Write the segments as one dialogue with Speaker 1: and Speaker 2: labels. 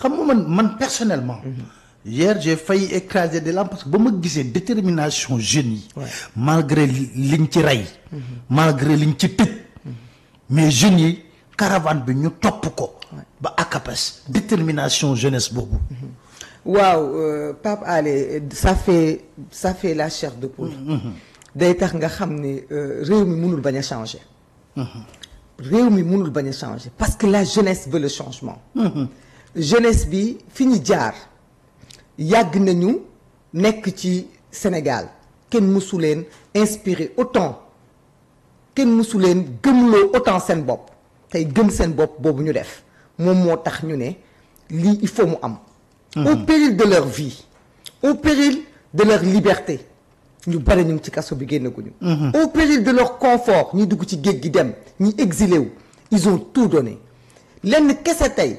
Speaker 1: xam man man personnellement. Mhm. hier j'ai failli écraser des lampes parce que ba ma gisee détermination jeune, malgré liñ ci rey. Mhm. malgré liñ ci tëj. Mhm. mais jeunes caravane bi ñu topp ko. ba détermination jeunesse boobu. waaw euh, Pape allez, ça fait ça fait la chair de poule. day tax nga xam ne réew mënul bañ changer. réew mi mënul bañ changer parce que la jeunesse veut le changement jeunesse bi fi ñu jaar yag nañu nek ci Sénégal ken mësu inspiré autant ken mësu leen autant sen bop tay gëm sen bop bobu ñu def mom moo ñu né li il faut mu am au péril de leur vie au péril de leur liberté ñu bari ñu ci kasso bi au péril de leur confort ñi dugg ci géej gi dem ñi exilé wu ils ont tout donné lenn kese tey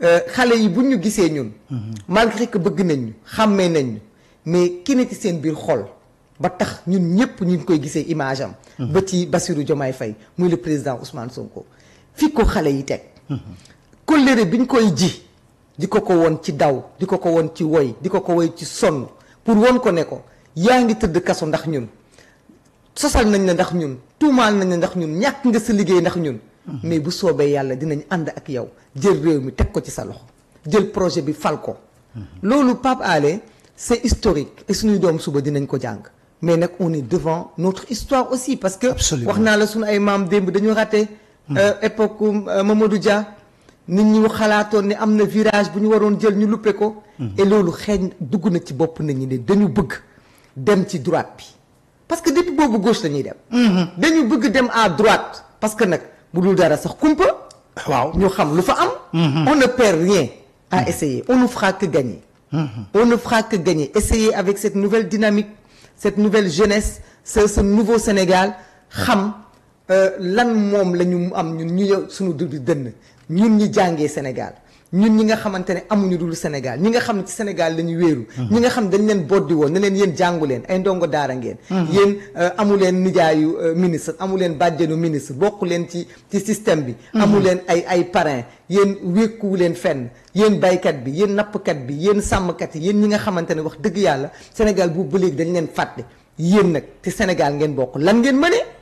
Speaker 1: Euh, xale yi bu ñu gisee ñun. Mhm. malgré que bëgg nañ ñu xàmmee nañ ñu mais ki ne ci seen biir xol ba tax ñun ñëpp ñu ngi koy gisee image am. Mhm. ba ci Bassirou Diomaye fay muy le président Ousmane Sonko fi ko xale yi teg. Mhm. kóllëre bi ñu koy ji di ko ko woon ci daw di ko ko woon ci woy di ko ko woy ci sonn pour woon ko ne ko yaa ngi tëdd kaso ndax ñun sosal nañ la ndax ñun tuumaal nañ la ndax ñun ñàkk nga sa liggéey ndax ñun. mais bu vous yalla dinañ gens ak yow jël réew mi ko ci sa loxo projet bi fal ko. c'est historique et nous suba dinañ ko mais on est devant notre histoire aussi parce que. waxna la ay mam demb dañu raté. Hmm. Euh, époque euh, Mamadou Dia. nit ñi ni virage bu ñu waron hmm. et dugg na ci dañu bëgg dem ci droite parce que depuis bobu gauche la dem. Hmm. dañu bëgg dem à droite parce que dara sax kumpa. waaw ñu am. Mhm. on ne perd rien à mhm. essayer on ne fera que gagner. Mhm. on ne fera que gagner essayer avec cette nouvelle dynamique cette nouvelle jeunesse ce nouveau Sénégal xam euh, lan mom la ñu am ñun ñu suñu dund ñun ñi Sénégal. ñun ñi nga xamante ne amuñu dul Sénégal ñi nga xam ne Sénégal la ñu wéeru mhm. ñi nga xam dañ leen boddi woon ne leen yéen jàngu leen ay ndongo daara ngeen mhm. yéen euh, amu leen nijaayu euh, ministre amu leen bàjjenu ministre bokku leen ci ci système bi mhm. amu leen ay ay parrain yéen wékkuwu leen fenn yéen baykat bi yéen nappkat bi yéen sàmmkat yi yéen ñi nga xamante ne wax dëgg yàlla Sénégal bu ba dañ leen fàtte yéen nag ci Sénégal ngeen bokk lan ngeen mënee